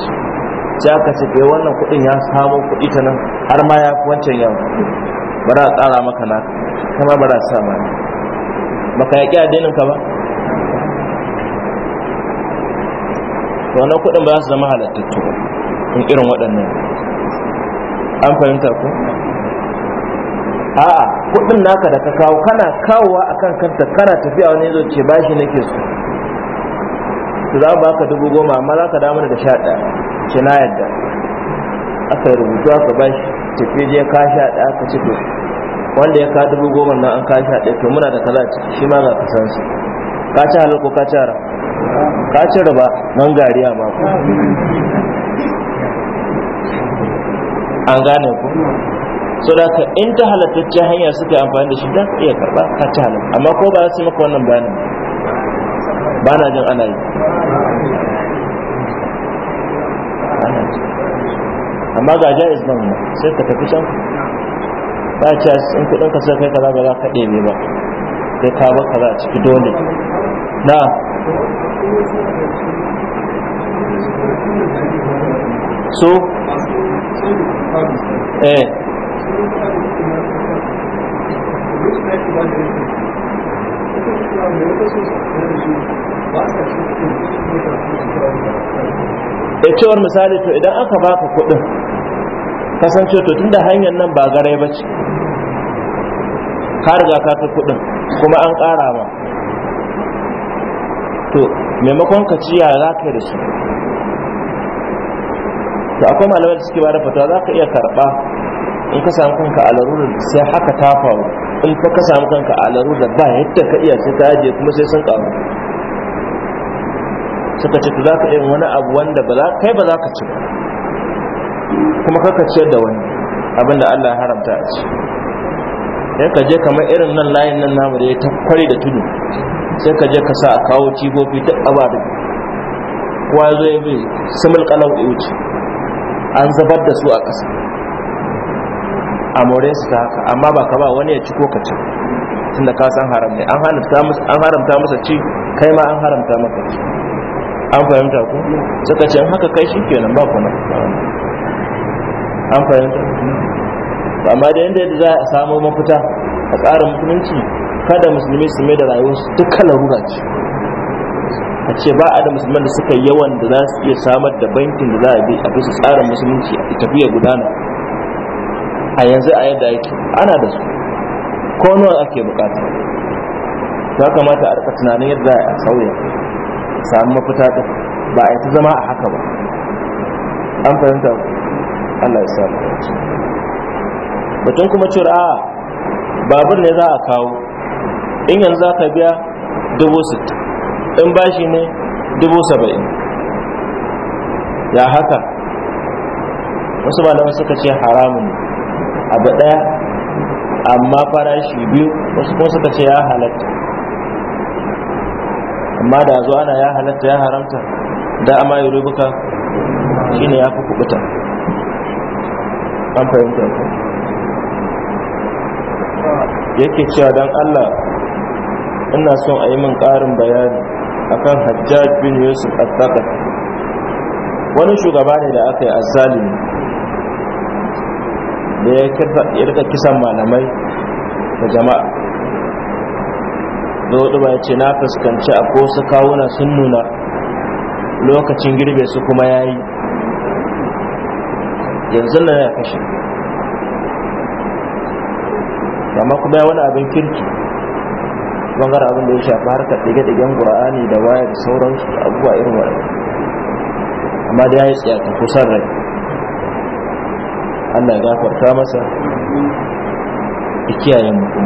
sai aka ce eh, wannan kudin ya samo kudi ta nan har ma ya fi wancan yawa bara a ƙara maka naka kama bara a sa mani ka yaƙi addinin ka ba to wannan kuɗin ba za su zama halattattu in irin waɗannan an fahimta ko a'a kuɗin naka da ka kawo kana kawowa kan kanta kana tafiya wani zo ce bashi nake so su za ba ka dubu goma amma za ka damu da sha ɗaya ce na yadda aka rubutu aka bashi tafi je ka sha ɗaya ka ci to wanda ya ka dubu goma nan an kashi haɗe to muna da kaza ciki shi ma ga kasan su ka ci halar ko ka ci haram ka ci riba nan gariya ma ku an gane ku so da ka in ta halattacce hanya suka yi amfani da shi za ka iya karɓa ka ci halar amma ko ba za su maka wannan bayanin ba na jin ana yi amma ga jayis nan sai ka tafi can ba ce in kuɗin ka sai kai kaza ba za ka ɗebe ba sai ka ba kaza ciki dole na so eh ya eh, wani misali to idan aka baka kuɗin kasance to tunda hanyar nan ba garai ba ce ka riga ka fi kuɗin kuma an kara ma to maimakon ka ciya za ka yi da shi, to akwai malamai da suke bada fatawa za ka iya karɓa in ka samu kanka a larurar sai haka ta faru in fa ka samu kanka a larurar ba yadda ka iya sai ta ajiye kuma sai sun ƙaru suka ce to za ka iya wani abu wanda kai ba za ka ci ba kuma kaka ciyar da wani abinda Allah ya haramta a ci sai ka je kamar irin nan layin nan namu da ya ta da tudu sai ka je ka sa a kawo cibofi ta aba da kuwa zai zo ya bi simul kalau da wuce an zabar da su a ƙasa a more su ta haka amma ba ka ba wani ya ci ko ka ci tun da ka san haram ne an haramta masa ci kai ma an haramta maka ci an fahimta ku suka ce haka kai shi kenan ba ku na an fahimta amma da yadda za a samo mafita a tsarin musulunci kada musulmi su mai da rayuwarsu duk kalarura ce a ce ba a da musulman da suka yawan da za su iya samar da bankin da za a bi a bisa tsarin musulunci a tafiya gudana a yanzu a yadda yake ana da su ko nawa ake bukata ya kamata a rika tunanin yadda a sauya samu mafita ba a yi ta zama a haka ba an fahimta ku Allah ya samu batun kuma cewar a babur ne za a kawo in yanzu za ka biya dubu sittin in bashi ne dubu saba'in ya haka wasu malaman suka ce haramun abu ɗaya amma farashi biyu wasu kuma suka ce ya halatta amma da zuwa ana ya halatta ya haramta da amma yi rubuka shine ya fi kubuta an yake cewa don allah ina son a yi min ƙarin bayani akan hajjaj bin yusuf al-taqaf wani shugaba ne da aka yi azalimi da ya rika kisan malamai da jama'a da wadda ce na fuskanci a ko su kawuna sun nuna lokacin girbe su kuma yayi yi yanzu na ya kashe amma kuma wani abin kirki bangaren abin da ya shafi harkar ɗige ɗagen gura'ani da waya da sauransu da abubuwa irin waɗanda amma da ya yi tsayata kusan rai an na gafarta masa da kiyaye mutum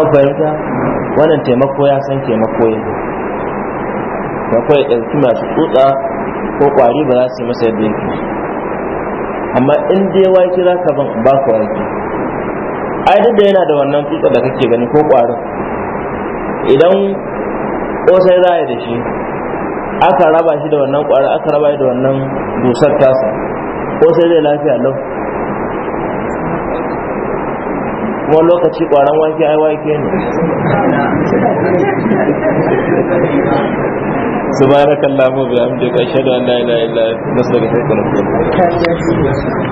an fahimta wannan taimako ya san taimako ya da kawai ɗauki masu tsutsa ko ƙwari ba za su yi masa yadda yake amma in dai wake za ka ban ba ku wake ai duk da yana da wannan tsutsa da kake gani ko ƙwarin idan ƙosai za da shi aka raba shi da wannan ƙwarin aka raba shi da wannan dusar tasa ƙosai zai lafiya lau ko lokaci kwaran wake ai wake ne subhanakallahumma wa bihamdika ashhadu an la ilaha illa anta astaghfiruka wa atubu ilayk